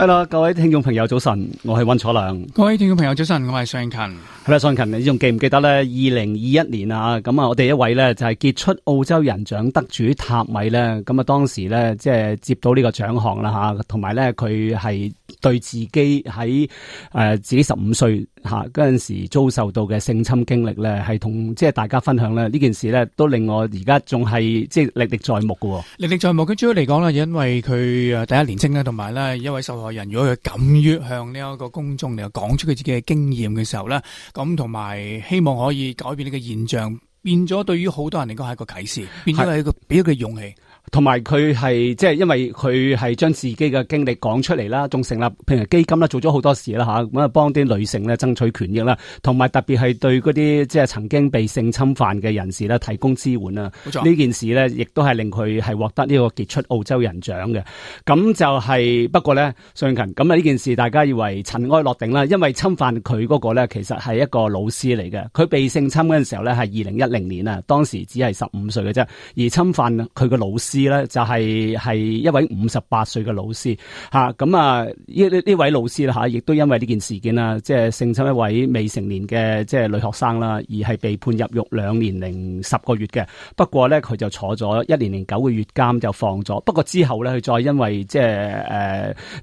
Hello 各位聽眾朋友，早晨，我係溫楚良。各位聽眾朋友，早晨，我係尚勤。係啦，尚勤，你仲記唔記得咧？二零二一年啊，咁啊，我哋一位咧就係、是、傑出澳洲人獎得主塔米咧，咁啊，當時咧即係接到呢個獎項啦吓，同埋咧佢係。對自己喺、誒、呃、自己十五歲吓嗰陣時遭受到嘅性侵經歷咧，係同即係大家分享咧呢件事呢，都令我而家仲係即係歷歷在目嘅、哦。歷歷在目，佢主要嚟講呢，因為佢誒第一年青咧，同埋呢一位受害人，如果佢敢於向呢一個公眾嚟講出佢自己嘅經驗嘅時候呢，咁同埋希望可以改變呢個現象，變咗對於好多人嚟講係一個啟示，是變咗係一個俾一個勇氣。同埋佢係即係，因為佢係將自己嘅經歷講出嚟啦，仲成立譬如基金啦，做咗好多事啦吓，咁啊幫啲女性咧爭取權益啦，同埋特別係對嗰啲即係曾經被性侵犯嘅人士咧提供支援啊。呢冇錯件事咧，亦都係令佢係獲得呢個傑出澳洲人獎嘅。咁就係、是、不過咧，尚勤咁啊呢件事大家以為塵埃落定啦，因為侵犯佢嗰個咧，其實係一個老師嚟嘅。佢被性侵嗰陣時候咧係二零一零年啊，當時只係十五歲嘅啫，而侵犯佢嘅老師。咧就係係一位五十八歲嘅老師吓，咁啊呢呢呢位老師啦吓，亦、啊、都因為呢件事件啊，即係性侵一位未成年嘅即係女學生啦，而係被判入獄兩年零十個月嘅。不過咧佢就坐咗一年零九個月監就放咗，不過之後咧佢再因為即係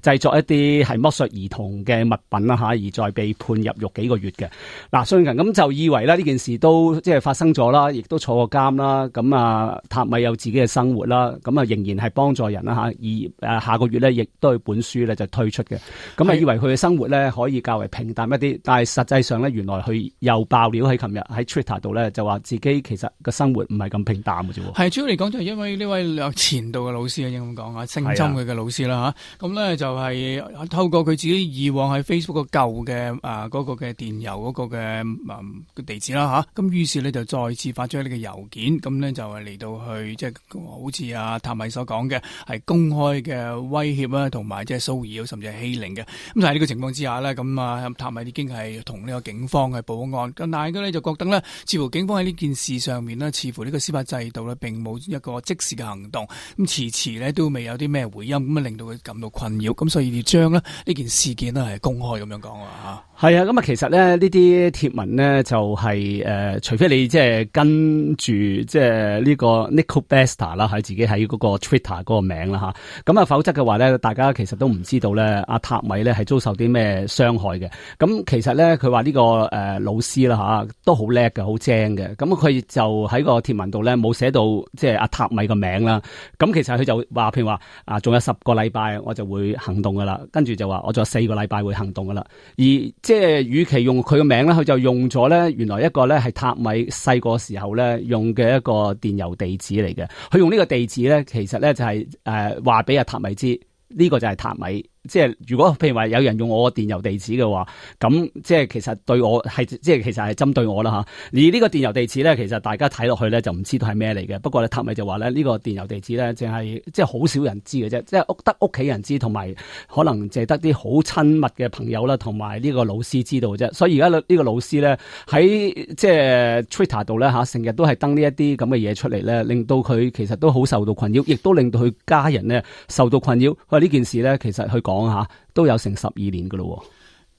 誒製作一啲係剝削兒童嘅物品啦吓、啊，而再被判入獄幾個月嘅。嗱、啊，雖然咁就以為咧呢件事都即係發生咗啦，亦都坐過監啦，咁啊塔米有自己嘅生活啦。咁啊，仍然係幫助人啦，吓，而誒下個月咧，亦都有本書咧就推出嘅。咁啊是，以為佢嘅生活咧可以較為平淡一啲，但係實際上咧，原來佢又爆料喺琴日喺 Twitter 度咧，就話自己其實個生活唔係咁平淡嘅啫。係主要嚟講，就係因為呢位前度嘅老師，老師啊，應咁講啊，性侵佢嘅老師啦吓。咁咧就係透過佢自己以往喺 Facebook 嘅舊嘅誒嗰個嘅電郵嗰個嘅、啊那個、地址啦吓。咁、啊、於是咧就再次發出呢個郵件，咁咧就係嚟到去即係、就是、好似啊，塔米所講嘅係公開嘅威脅啊，同埋即係騷擾甚至係欺凌嘅。咁但係呢個情況之下咧，咁啊，塔米已經係同呢個警方去報案。咁但係佢咧就覺得咧，似乎警方喺呢件事上面咧，似乎呢個司法制度咧並冇一個即時嘅行動，咁遲遲咧都未有啲咩回音，咁啊令到佢感到困擾，咁所以要將咧呢件事件咧係公開咁樣講啊。係啊，咁啊其實咧呢啲貼文咧就係、是、誒、呃、除非你即係跟住即係呢個 Nico Basta 啦，喺自己。喺嗰個 Twitter 嗰個名啦吓，咁啊，否則嘅話咧，大家其實都唔知道咧，阿、啊、塔米咧係遭受啲咩傷害嘅。咁、嗯、其實咧，佢話呢個誒、呃、老師啦吓、啊、都好叻嘅，好精嘅。咁、嗯、佢就喺個貼文度咧冇寫到，即係阿、啊、塔米個名啦。咁、啊、其實佢就話譬如話啊，仲有十個禮拜我就會行動噶啦，跟住就話我仲有四個禮拜會行動噶啦。而即係與其用佢嘅名咧，佢就用咗咧原來一個咧係塔米細個時候咧用嘅一個電郵地址嚟嘅，佢用呢個地址。咧，其實咧就係誒話俾阿塔米知，呢、這個就係塔米。即係如果譬如話有人用我個電郵地址嘅話，咁即係其實對我係即係其實係針對我啦吓。而呢個電郵地址咧，其實大家睇落去咧就唔知道係咩嚟嘅。不過咧，塔米就話咧呢、呢個電郵地址咧，淨係即係好少人知嘅啫，即係屋得屋企人知，同埋可能淨係得啲好親密嘅朋友啦，同埋呢個老師知道啫。所以而家呢個老師咧喺即係 Twitter 度咧吓，成日都係登呢一啲咁嘅嘢出嚟咧，令到佢其實都好受到困擾，亦都令到佢家人咧受到困擾，佢話呢件事咧其實佢講。講下都有成十二年噶咯，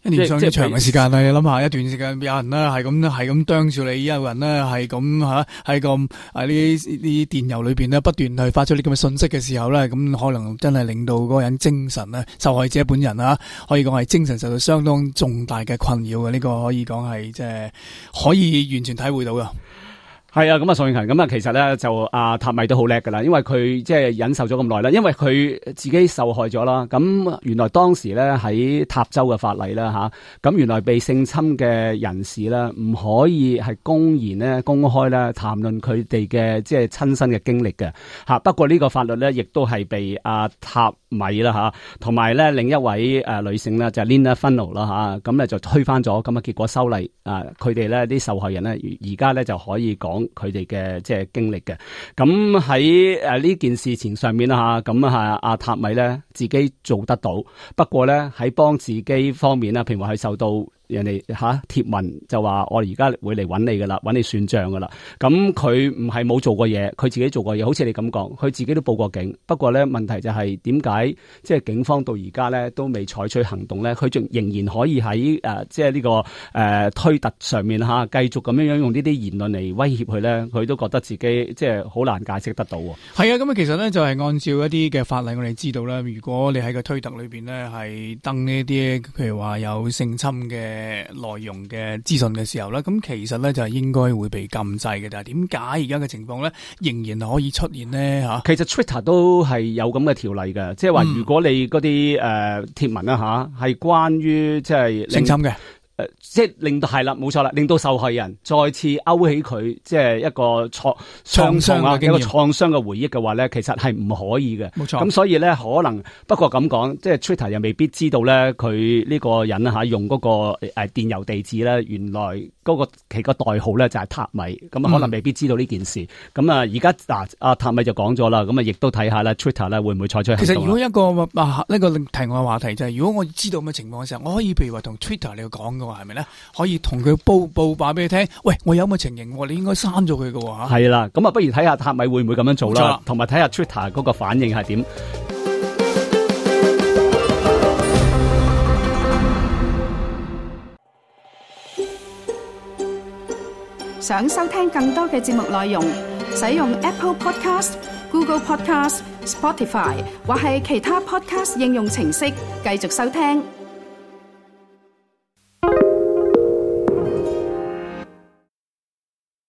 即一年上一長嘅時間你諗下，一段時間有人啦，係咁係咁啄住你，有人啦，係咁吓，喺咁喺呢呢電郵裏邊不斷去發出啲咁嘅信息嘅時候咧，咁可能真係令到嗰人精神，受害者本人啊，可以講係精神受到相當重大嘅困擾嘅，呢、呢個可以講係即係可以完全體會到噶。係啊，咁、嗯、啊，宋永勤，咁啊，其實咧就阿、啊、塔米都好叻噶啦，因為佢即係忍受咗咁耐啦，因為佢自己受害咗啦。咁、啊、原來當時咧喺塔州嘅法例啦，吓、啊，咁、啊、原來被性侵嘅人士咧，唔可以係公然咧、公開咧談論佢哋嘅即係親身嘅經歷嘅。吓、啊，不過呢個法律咧，亦都係被阿、啊、塔米啦，吓、啊，同埋咧另一位誒、呃、女性咧就 Linda Funnell 啦、啊，吓、啊，咁、啊、咧就推翻咗，咁啊結果修例啊，佢哋咧啲受害人咧而而家咧就可以講。佢哋嘅即係經歷嘅，咁喺誒呢件事情上面啦吓，咁啊阿、啊、塔米咧自己做得到，不過咧喺幫自己方面咧，譬如話佢受到。人哋吓貼文就話：我而家會嚟揾你㗎啦，揾你算賬㗎啦。咁佢唔係冇做過嘢，佢自己做過嘢，好似你咁講，佢自己都報過警。不過咧，問題就係點解即係警方到而家咧都未採取行動咧？佢仲仍然可以喺誒即係呢個誒推特上面下、啊、繼續咁樣樣用呢啲言論嚟威脅佢咧，佢都覺得自己即係好難解釋得到。係啊，咁啊，其實咧就係、是、按照一啲嘅法例，我哋知道啦，如果你喺個推特裏面咧係登呢啲，譬如話有性侵嘅。誒，內容嘅資訊嘅時候咧，咁其實咧就係應該會被禁制嘅，但係點解而家嘅情況咧仍然可以出現呢？吓？其實 Twitter 都係有咁嘅條例嘅，即係話如果你嗰啲誒貼文啦吓，係、啊、關於即係，性侵嘅。即係令到係啦，冇錯啦，令到受害人再次勾起佢即係一個創創傷啊，一個創傷嘅回憶嘅話咧，其實係唔可以嘅。冇錯錯。咁所以咧，可能不過咁講，即係 Twitter 又未必知道咧，佢呢個人吓、啊，用嗰個誒電郵地址咧，原來嗰個其個代號咧就係塔米，咁啊、嗯、可能未必知道呢件事。咁啊而家嗱，阿、啊、塔米就講咗啦，咁啊亦都睇下啦 Twitter 咧會唔會採取？其實如果一個啊呢個題外嘅話題就係、是，如果我知道咁嘅情況嘅時候，我可以譬如話同 Twitter 你要講嘅。係咪咧？可以同佢報報罷俾你聽。喂，我有咁嘅情形，你應該刪咗佢嘅，吓。係啦，咁啊，不如睇下塔米會唔會咁樣做啦。同埋睇下 Twitter 嗰個反應係點。想收聽更多嘅節目內容，使用 Apple Podcast、Google Podcast、Spotify 或係其他 Podcast 應用程式繼續收聽。